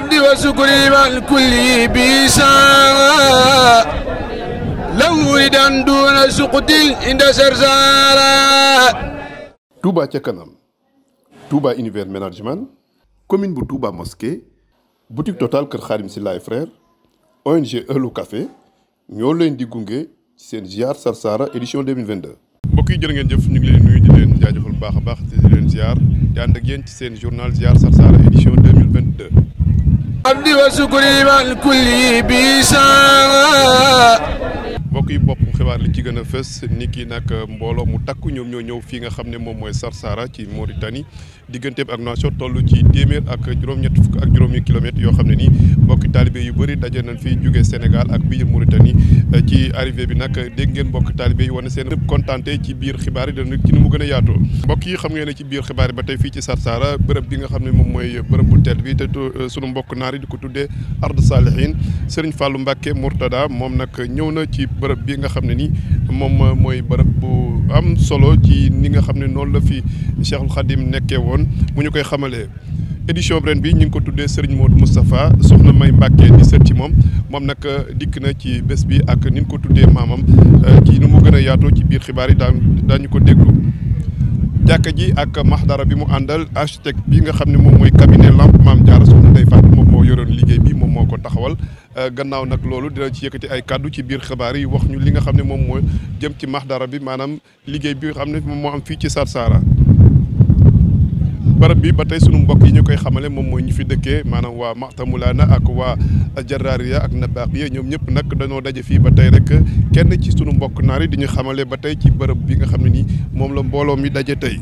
الحمد وشكري مع الكل بيسارا لو ردا ca kanam Touba univers management commune bu Touba mosquée boutique Total kër Xaadim Sylla et frères ONG Euhlou Café ñoo leen di gunge ci seen ziar Sarsara édition 2022. mbokk yi jërë ngeen jëf ñu ngi leen nuyu di leen jaajëfal baax a baax di leen ziar ci seen journal ziar Sarsara édition 2022. abdi wa sukuri mal kulli bi mbokk bopp xibaar li ci gën a fës ni ki nag mbooloo mu takk ñoom ñoo ñëw fii nga xam ne moom mooy Sarsara ci Mauritanie digganteem ak Nouakchott toll ci téeméer ak juróom-ñett fukk ak juróomi kilomètres yoo xam ne nii mbokki taalibé yu bëri daje nañ fii jógee Sénégal ak biir Mauritanie eh, ci arrivé bi nag dégg ngeen mbokki taalibé yi wane seen contenté ci biir xibaar yi dana ci ni mu gën a yaatoo mbokk yi xam ngeen ne ci biir xibaar yi ba tey fii ci Sarsara bërëb bi nga xam ne moom mooy bërëb bu teel bi te eh, sunu mbokk naar di ko tuddee Ard Salihin Serigne Fallou Mbacké Mourtada moom nag ñëw na ci bërëb bi nga xam ne ni moom mooy bërëb bu am solo ci ni nga xam ne noonu la fi Cheikhul Khadim nekkee woon mu ñu koy xamalee édition ren bi ñu ngi ko tuddee Serigne Modou Moustapha soxna May Mbacke di seet ci moom moom nag euh, dikk na ci bés bi ak ni ñu ko tuddee maamam euh, ci nu mu gën a yaatoo ci biir xibaar yi daan daañu ko déglu. jàkka ji ak maxdara bi mu àndal architecte bi nga xam ne moom mooy cabinet lamp maam jaara soxna Ndeye Fatou moom moo yoroon liggéey bi moom moo ko taxawal. Euh, gannaaw nag loolu dina ci yëkkati ay kàddu ci biir xibaar yi wax ñu li nga xam ne moom moo jëm ci maxdara bi maanaam liggéey bi xam ne moom moo am fii ci Sarsara. barab bi ba tey sunu mbokk yi ñu koy xamale moom mooy ñu fi dëkkee maanaam waa Maxtamulaana ak waa Jaraariya ak Nabaqiya ñoom ñëpp nag dañoo daje fii ba tey rek kenn ci sunu mbokk naar yi di ñu xamale ba tey ci bërëb bi nga xam ne nii moom la mbooloo mi dajee tey.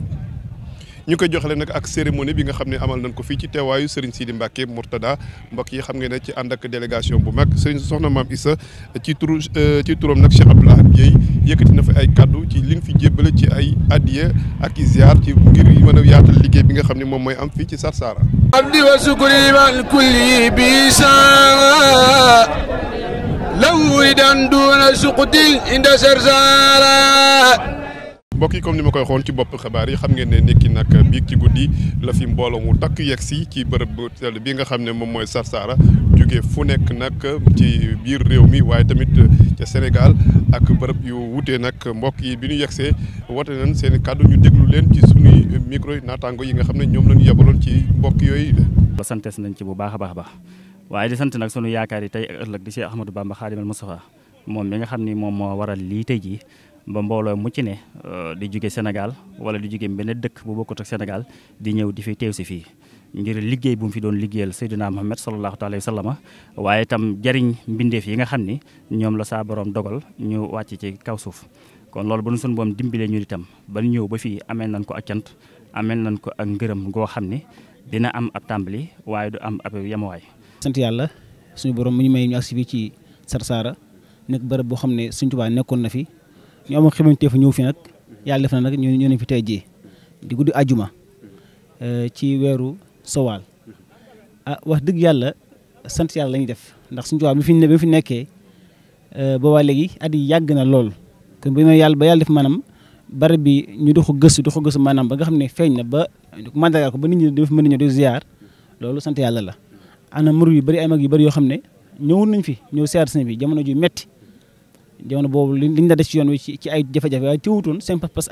ñu koy joxale nag ak cérémonie bi nga xam ne amal nañ ko fii ci teewaayu Serigne Sidi Mbacke Mourtada mbokk yi xam ngeen ne ci ànd ak délégation bu mag Serigne soxna maam Issa ci turu euh, ci turam nag Cheikh Abdoulaye yëkkati na fi ay kàddu ci li nga fi jébbale ci ay addiya ak i ci ngir mën a yaatal liggéey bi nga xam ne moom mooy am fii ci Sarsara abdi yi comme ni ma koy xoon ci bopp xabaar yi xam ngeen ne nekki nag biig ci guddi la fi mbooloo mu takk yegg si ci bërëb bu sell bi nga xam ne moom mooy sarsaara jóge fu nekk nag ci biir réew mi waaye tamit ca Sénégal ak bërëb yu wutee nag mbokk yi bi ñu yegsee woote nañ seen kàddu ñu déglu leen ci suñuy micro naataango yi nga xam ne ñoom lañu ñu yebaloon ci mbokk yooyu. la santees nañ ci bu baax a baax a baax waaye di sant nag sunu yaakaar yi tey ëllëg di Cheikh Ahmadou ma Khadimal Moustapha moom mi nga xam ni moom moo waral lii tey jii. ba mbooloo mucc ne euh, di jóge Sénégal wala di jóge benn dëkk bu bokkut ak Sénégal di ñëw di fi teew si fii ngir liggéey bu mu fi doon liggéeyal Seydina Muhammad sallallahu alayhi wa sallam waaye itam jariñ mbindeef yi nga xam ni ñoom la saa borom dogal ñu wàcc ci kaw suuf kon loolu ba nu sun boom dimbilee ñun tam ba ñëw ba fii amee nañ ko ak cant amee nañ ko ak ngërëm goo xam ni dina am ab tàmbali waaye du am ab yamawaay. sant yàlla suñu borom mu ñu may ñu si fii ci Sarsara nekk bërëb boo xam ne Sëñ Tuubaa nekkoon na fi ñu amoon xamante ñ fi nag yàlla def na nag ñu ñu ne fi tey jii di guddi àjjuma eh, ci weeru. sowaal ah wax dëgg yàlla sant yàlla la ñuy def ndax suñu tubaab bi fi ne bi fi nekkee eh, ba léegi at yi yàgg na lool kon bu yàlla ba yàlla def maanaam barab bi ñu dox ko gëstu dox ko gëstu maanaam ba nga xam ne feeñ na ba mandagal ko ba nit ñi daf mën a de di ziar loolu sant yàlla la ana mur yu bëri ay mag yu bëri yoo xam ne ñëwoon nañ fi ñëw ziar sëñ bi jamono ju metti jamono boobu liñ la def ci yoon wi ci ay jafe-jafe waaye teewutoon seen pas-pas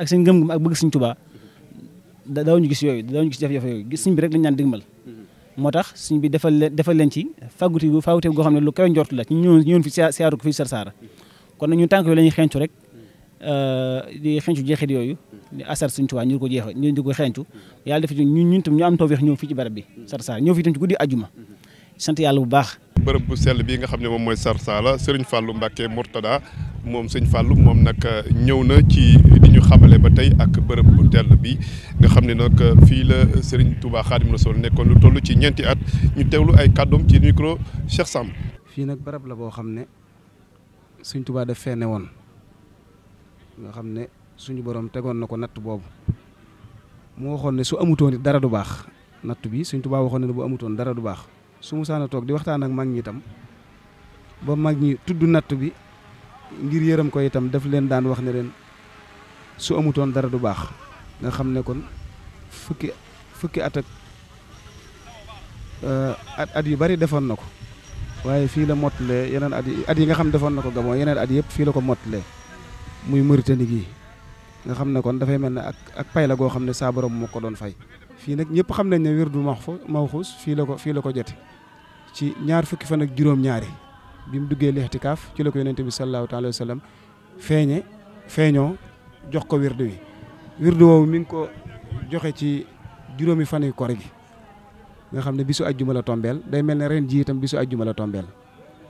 daawuñu gis yooyu daawuñu yooyu gis suñ bi rek lañu naan digmal mm-hmm. moo tax suñ bi defal leen defal leen ci fàgguti fàggute goo xam ne lu kawe njort la ci ñëw ñëwoon fi siyaaru ko fii Sarsara mm-hmm. kon nag rek mm-hmm. euh, di xencu jeexit yooyu di asar suñ tuwaa ñu ko jeex ñu di ko xencu yàlla def ñu ñun tam ñu am tawfeex fii ci barab bi Sarsara ñëw fii tam ci guddi ajuma sant yàlla bu baax bërëb bu sell bii nga xam ne moom mooy Sarsara Sëriñ Fàllu Mbàkke Murtada moom sëñ Fàllu moom nag euh, ñëw na ci di ñu xam ba tey ak bërëb bu tell bi nga xam ne nag fii la Serigne Touba Khadim Rassoul nekkoon lu tollu ci ñeenti at ñu teewlu ay kàddoom ci micro Cheikh Samb. fii nag barab la boo xam ne Serigne Touba daf fee ne woon nga xam ne suñu borom tegoon na ko natt boobu mu waxoon ne su amutoon it dara du baax natt bi Serigne Touba waxoon ne bu amutoon dara du baax su musaana toog di waxtaan ak mag ñi tam ba mag ñi tudd natt bi ngir yërëm ko itam daf leen daan wax ne leen. su amutoon dara du baax nga xam ne kon fukki fukki at ak euh, at at yu bari defoon na ko waaye fii la mottalee yeneen at yi at yi nga xam defoon na ko Gabon yeneen at yëpp fii la ko mottalee muy Mauritanie gii nga xam ne kon dafay mel ne ak ak pay la goo xam ne saa borom moo ko doon fay fii nag ñëpp xam nañ ne wirdu maxfu mawxuus fii la ko fii la ko jot ci ñaar fukki fan ak juróom-ñaari bi mu duggee lixtikaaf ci la ko yonente bi sallallahu taala wa sallam feeñe feeñoo jox ko wirdu wi wirdu woowu mi ngi ko joxe ci juróomi fan yu koor gi nga xam ne bisu ajjuma la tombeel day mel ne ren ji bisu ajjuma la tombeel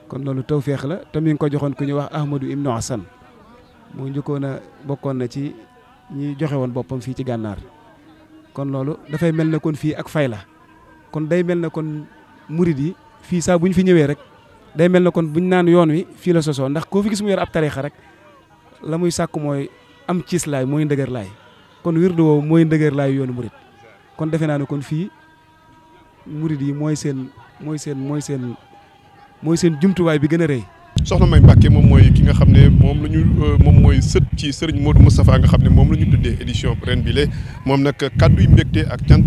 kon loolu tawféex la te mi ngi ko joxoon ku ñuy wax Ahmadou Ibnu Hassan moo njëkkoon a bokkoon na ci ñi joxe woon boppam fii ci gànnaar kon loolu dafay mel ne kon fii ak fay la kon day mel ne kon murid yi fii saa bu ñu fi ñëwee rek day mel ne kon buñ naan yoon wi fii la sosoo ndax koo fi gis mu yor ab tariixa rek la muy sàkk mooy am ciis laay mooy ndëgër laay kon wirdu woowu mooy ndëgër laay yoonu murit kon defe naa ne kon fii murit yi mooy seen mooy seen mooy seen mooy seen jumtuwaay bi gën a rey soxla May Mbàkke moom mooy ki nga xam ne moom la ñu euh, moom mooy sët ci sëriñ Modou Moustapha nga xam ne moom la ñu tuddee édition ren bi nag moom yi kàddu yu mbégte ak cant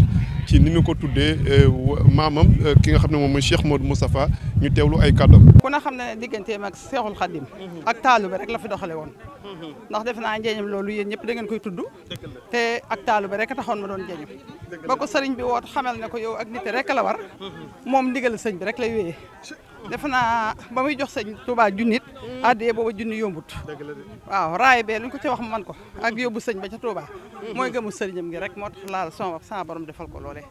ci ni mu ko tuddee euh, maamam euh, ki nga xam ne moom mooy Cheikh Modou Moustapha ñu teewlu ay kàddam ku na xam ne digganteem ak Seexul Xadim ak taalu bi rek la fi doxale woon ndax def naa njeeñam loolu yéen ñëpp da ngeen koy tudd te ak taalu bi rek taxoon ma doon njeeñam ba ko sëriñ bi woot xamal ne ko yow ak nit rek la war moom ndigal sëñ bi rek lay wéyee defe naa ba muy jox sëñ Touba junnit mm. addiyee booba junni yombut waaw raay bee luñ ko ci wax man ko ak yóbbu sëñ ba ca Touba mm-hmm. mooy gëmu sëriñam gi rek moo tax laal son wax borom defal ko loolee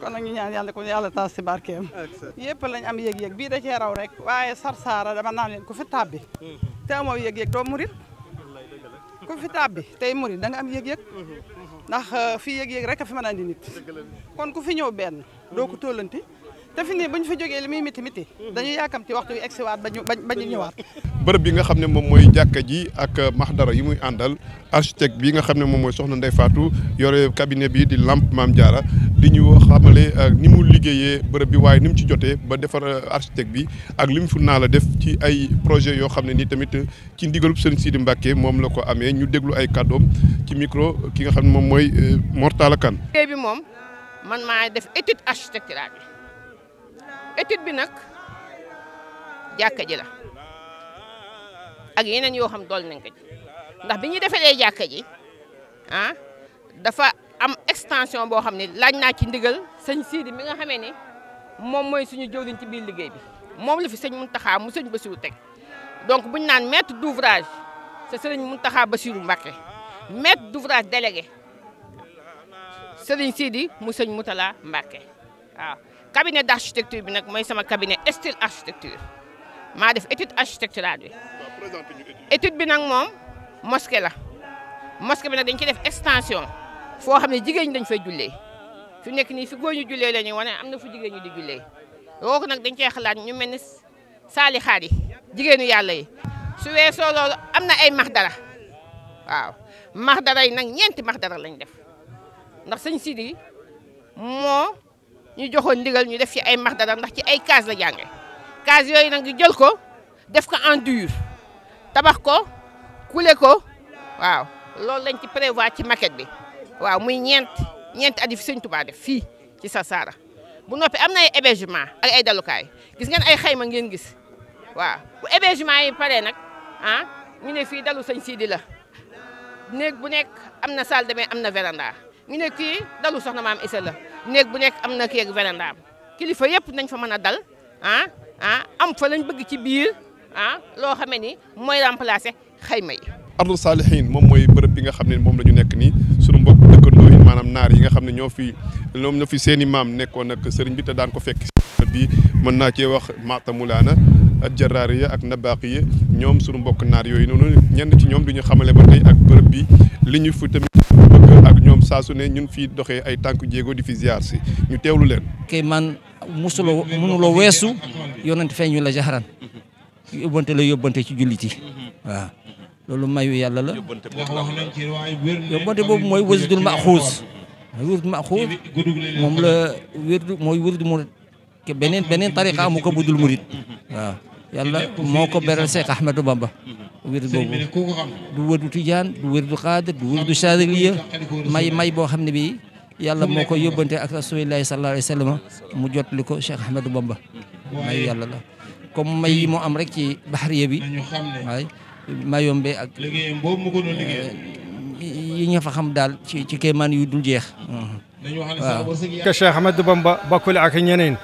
kon ñu ñaan yàlla ko yàlla taas si barkeem yëpp lañ am yëg-yëg bii da cee raw rek waaye sarsaara dama naan leen ku fi tàbbi mm-hmm. te amoo yëg-yëg fi tàbbi tey murit da nga am yëg-yëg mm-hmm. ndax uh, rek a fi mën a andi nit kon ku fi ñëw benn doo ko tollanti te fi nii bu ñu fa jógee li muy métti métti dañu yaakamti waxtu wi egsiwaat ba ñu ba ñu bërëb bi nga xam ne moom mooy jàkka ji ak maxdara yi muy àndal architecte bi nga xam ne moom mooy soxna Ndeye faatu yore cabinet bi di Lamp Maam jaara di ñu xamale euh, ni mu liggéeyee bërëb bi waaye ni mu ci jotee ba defar euh, architecte bi ak li mu fu naa la def ci ay projet yoo xam ne nii tamit euh, ci ndigalub Serigne Sidi Mbacke moom la ko amee ñu déglu ay kàddoom ci micro ki nga xam ne moom mooy Mortala Kane. liggéey étude bi nag jàkka ji la ak yeneen yoo xam dool nañ ko ndax bi ñu defalee jàkka ji ah dafa am extension boo xam ne laaj naa ci ndigal sëñ Sidi mi nga xamee ni moom mooy suñu jëwriñ ci biir liggéey bi moom la fi sëñ Mountakha mu sëñ Bassirou teg donc bu ñu naan maître d'ouvrage c'est sëriñ Mountakha Bassirou Mbacké maître d'ouvrage délégué sëriñ Sidi mu sëñ Moutala Mbacké waaw cabinet d' architecture bi nag mooy sama cabinet style architecture maa def étude architecturale bi étude bi nag moom mosquée la mosquée bi nag dañ ci def extension foo xam ne jigéen ñi dañ fay jullee fu nekk nii fi góor ñu jullee la ñuy wane am na fu jigéen ñi di jullee wooku nag dañ cee xalaat ñu mel ni saalixaat yi jigéenu yàlla yi su weesoo loolu am na ay dara waaw maxdara yi nag ñeenti maxdara lañ def ndax sëñ Sidi moo ñu joxoon ndigal ñu def ci ay max dara ndax ci ay case la jànge case yooyu nag ñu jël ko def ko en dur tabax ko kule ko waaw loolu lañ ci prévoir ci maquette bi waaw muy ñeent ñeent at yi fi sëñ Tuubaa def fii ci saara bu noppee am na ay hébergement ak ay dalukaay gis ngeen ay xayma ngeen gis waaw bu hébergement yi paree nag ah ñu ne fii dalu sëñ Sidi la néeg bu nekk am na salle demee am na véranda ñu ne kii dalu soxna maam Isa la néeg bu nekk am na keeg vérandaam kilifa yëpp nañ fa mën a dal ah ah am fa lañ bëgg ci biir ah loo xamee ni mooy remplacer xayma yi. Ardu Saalihin moom mooy bërëb bi nga xam ne moom la ñu nekk nii sunu mbokk dëkkandoo yi maanaam naar yi nga xam ne ñoo fi ñoom ñoo fi seen maam nekkoon ak sëriñ bi te daan ko fekk bi mën naa cee wax Mata Moulana ak Jaraariya ak Nabaqiya ñoom sunu mbokk naar yooyu noonu ñenn ci ñoom du ñu xamale ba tey ak bërëb bi li ñu fi tamit bëgg ak ñoom saa su ne ñun fi doxee ay tànk jéego di fi ziar si ñu teewlu leen. kay man musuloo mënuloo weesu yonent feeñu la jaxaran yóbbante la yóbbante ci jullit yi waaw loolu mayu yàlla la yóbbante boobu mooy wësdul maxuus wërdu maxuus moom la wërdu mooy wërdu murit beneen beneen tariqa amu ko budul murit waaw yàlla moo ko beral Seex Ahmadu Bamba wér boobu du wërdu tijaan du wërdu xaadir du wërdu saadiliya may may boo xam ne bi yàlla moo ko yóbbante ak rasulillahi sallallahu alayhi wa mu jot li ko Cheikh Ahmadou Bamba may yàlla la may yi mu am rek ci baxariya bi waay mayombe ak eh, yi nga fa xam daal ci ci kéemaan yu dul jeex waaw ke Cheikh Ahmadou Bamba bokkul ak ñeneen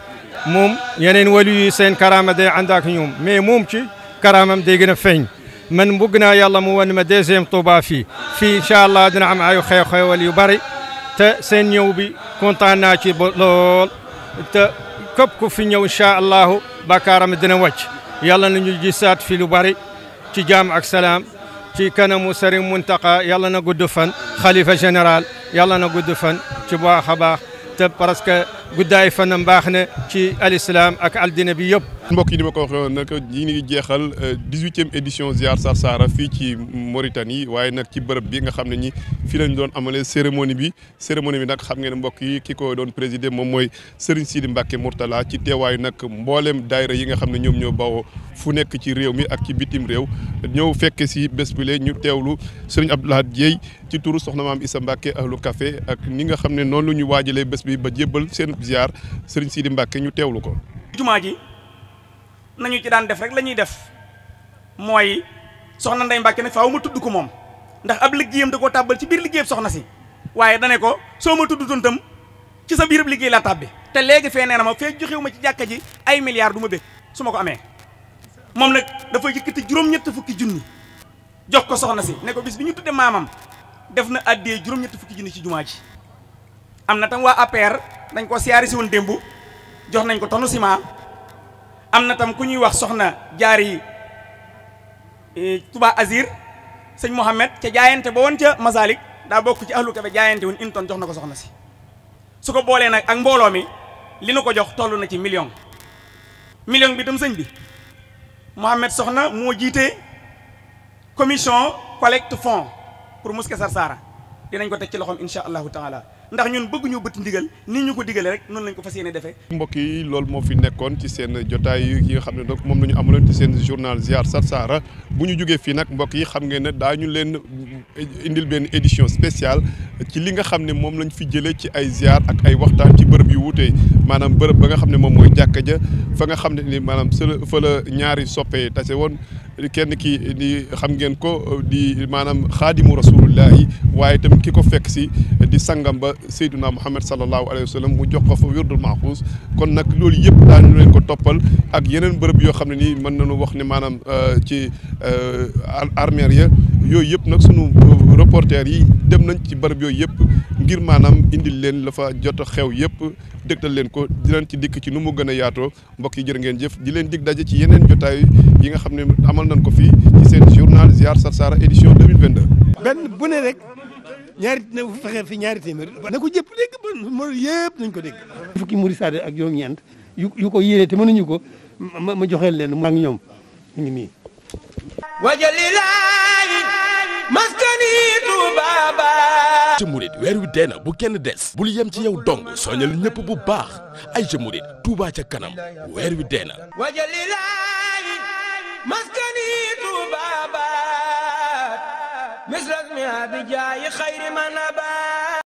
moom yeneen wali yi seen karaama day ànd ak ñoom mais moom ci karaamam day gën a feeñ man bëgg naa yàlla mu wan ma deuxième Touba fii fii incha allah dina am ayu xew-xewal yu bari te seen ñëw bi kontaan naa ci ba lool te képp ku fi ñëw incha allahu bakkaaram dina wàcc yàlla na ñu gisaat lu bari ci jaam ak salaam ci kanamu Serigne Mountakha yàlla na gudd fan xalifa général yàlla na gudd ci baax a te parce guddaay fanam baax na ci alislaam ak aldina bi yëpp. mbokk yi ni ma ko waxee woon nag ñu ngi jeexal euh, dix-huitième édition ziar Sarsara fii ci Mauritanie waaye nag ci bërëb bi nga xam ne ñi fii lañ doon amalee cérémonie bi cérémonie bi nag xam ngeen mbokk yi ki ko doon présider moom mooy Serigne Sidi Mbacke Mourtala ci teewaayu nag mboolem daayira yi nga xam ne ñoom ñoo bawoo fu nekk ci réew mi ak ci bitim réew ñëw fekke si bés bi ñu teewlu Serigne Abdoulaye Dieye ci turu soxna maam Issa Mbacke ahlu café ak ni nga xam ne noonu la ñu waajalee bés bi ba jébbal seen ab ziar sëriñ Sidi Mbacke ñu teewlu ko. jumaa ji nañu ci daan def rek la ñuy def mooy soxna Ndeye Mbacke nag faaw ma tudd ko moom ndax ab liggéeyam da koo tàbbal ci biir liggéeyam soxna si waaye dane ko soo ma tudd tontam ci sa biir liggéey laa tàbbi te léegi fee nee na ma joxewu ma ci jàkka ji ay milliards du ma bëgg su ma ko amee moom nag dafa yëkkati juróom-ñett fukki junni jox ko soxna si ne ko bis bi ñu tudde maamam def na addee juróom-ñett fukki junni ci jumaa ji am na tam waa APR nañ ko siyaari si woon démb jox nañ ko tonu ciment am na tam ku ñuy wax soxna jaari e, tubaa Azir sëñ Mohamed ca jaayante ba won ca Masalik daa bokk ci ahlu Kebe jaayante woon une tonne jox na ko soxna si su ko boolee nag ak mbooloo mi li nu ko jox toll na ci million million bi tam sëñ bi Mohamed soxna moo jiite commission collecte fonds pour Mosquée Sar Sara dinañ ko teg ci loxoom incha allahu taala ndax ñun bëgguñu bëtt ndigal ni ñu ko digalee rek noonu lañ ko fas yéene defee. mbokk yi loolu moo fi nekkoon ci seen jotaay yi nga xam ne donc moom lañu ñu amaloon ci seen journal Ziar Sar Sara bu ñu jógee fii nag mbokk yi xam ngeen ne daañu leen indil benn édition spéciale ci li nga xam ne moom lañ fi jëlee ci ay ziar ak ay waxtaan ci bërëb yu wuute maanaam bërëb ba nga xam ne moom mooy jàkka ja fa nga xam ne ni maanaam fa la ñaari soppe tase woon kenn ki di xam ngeen ko di maanaam xaadimu rasulullahi waaye itam ki ko fekk si di sangam ba Seydina Muhammad sallallahu alayhi wa sallam mu jox ko fa wérdul maaxuus kon nag loolu yëpp daañu leen ko toppal ak yeneen bërëb yoo xam ne nii mën nañu wax ne maanaam euh, ci euh, armeer ya yooyu yëpp nag sunu reporter yi dem nañ ci bërëb yooyu yëpp ngir maanaam indil leen la fa jot xew yëpp dégtal leen ko di leen ci dikk ci nu mu gën a yaatoo mbokk yi jërë ngeen jëf di leen dig daje ci yeneen jotaay yi nga xam ne amal nañ ko fii ci seen journal Ziar Sar Sara édition 2022. benn bu ñaari na ñaari téeméer na ko jëpp dégg mo yëpp nañ ko dégg fukki muri saade ak juróom-ñeent yu ko yéene te nañu ko ma ma joxeel leen maa ngi ñoom ñu ngi nii wajalilaayi maskani tubaaba ci murit weer wi dee na bu kenn des bul yem ci yow dong soñal ñëpp bu baax ay ci murit tuubaa ca kanam weer wi dee na wajalilaayi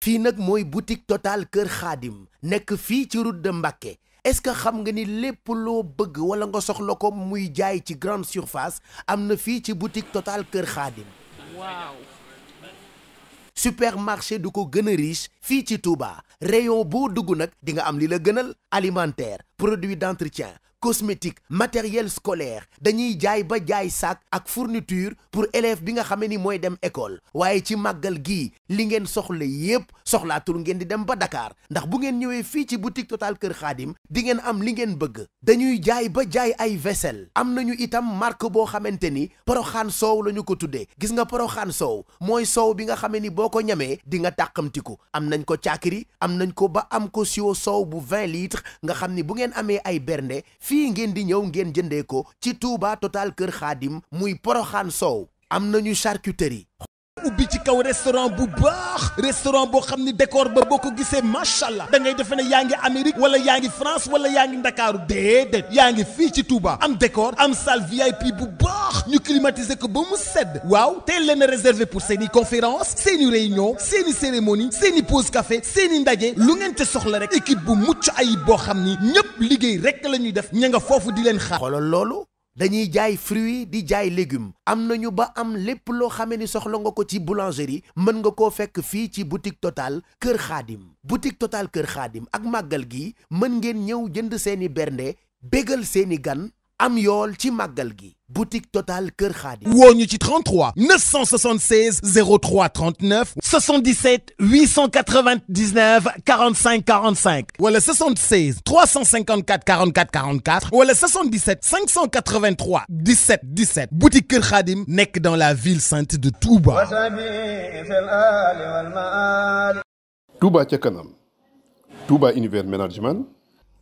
fii nag mooy boutique Total Kër Xaadim nekk fii ci route de Mbacké est-ce que xam nga ni lépp loo bëgg wala nga soxla ko muy jaay ci grande surface am na fii ci boutique Total Kër Xaadim waaw supermarché du ko gën a riche fii ci Touba rayon boo dugg nag di nga am li la gënal alimentaire produit d'entretien cosmétique matériel scolaire dañuy jaay ba jaay sac ak fourniture pour élève bi nga xamee ni mooy dem école waaye ci màggal gii li ngeen soxla yépp soxlaatul ngeen di dem ba Dakar ndax bu ngeen ñëwee fii ci boutique Total Kër Xaadim di ngeen am li ngeen bëgg dañuy jaay ba jaay ay vaisselle am nañu itam marque boo xamante ni poroxaan soow la ñu ko tuddee gis nga poroxaan soow mooy soow bi nga xamee ni boo ko ñamee di nga tàqamtiku am nañ ko caakiri am nañ ko ba am ko siwo soow bu 20 litres nga xam ni bu ngeen amee ay bernde fii ngeen di ñëw ngeen jëndee ko ci Touba Total Kër Xaadim muy Poroxaan soow am nañu charcuterie ubbi ci kaw restaurant bu baax restaurant boo xam ni décor ba boo ko gisee macha allah da ngay defe ne yaa ngi Amérique wala yaa ngi France wala yaa ngi Ndakaaru déedéet yaa ngi fii ci Touba am décor am salle VIP bu baax ñu climatiser ko ba mu sedd waaw teel leen a réservé pour seen i conférence seen i réunion seen i cérémonie seen i pause café seen ndaje lu ngeen te soxla rek équipe bu mucc ayib boo xam ni ñëpp liggéey rek la ñuy def ña nga foofu di leen xaar. loolu. dañuy jaay fruits di jaay légumes am nañu ba am lépp loo xamee ni soxla nga ko ci boulangerie mën nga koo fekk fii ci boutique Total Kër Xaadim boutique Total Kër Xaadim ak màggal gi mën ngeen ñëw jënd seeni bernde bégal seeni gan am yool ci màggal gi boutique Total Kër Xaadim woo ñu ci 33 976 03 39 77 899 45 45 wala 76 354 44 44 wala 77 583 17 17 boutique Kër Xaadim nekk dans la ville sainte de Touba. Touba ca kanam Touba univers management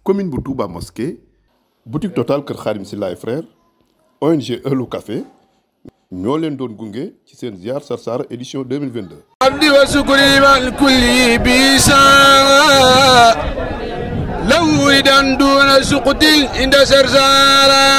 commune bu Touba mosquée. boutique Total Kër Xaadim Sylla et frères ONG Eulo Café ñoo leen doon gunge ci seen ziar Sarsara édition 2022 abdi wa sukuri mal kulli bisa law idan duna suqtil inda Sarsara